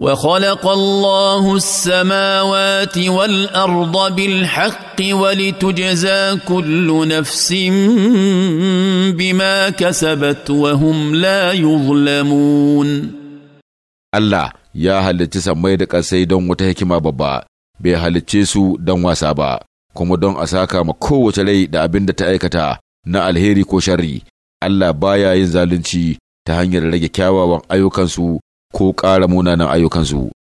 وخلق الله السماوات والارض بالحق ولتجزى كل نفس بما كسبت وهم لا يظلمون الله ya halicci sammai da ƙasai don wata hikima babba, bai halicce su don wasa ba, kuma don a saka ma kowace rai da abin da ta aikata na alheri ko sharri. Allah baya yin zalunci ta hanyar rage kyawawan ayyukansu ko ƙara munanan ayyukansu.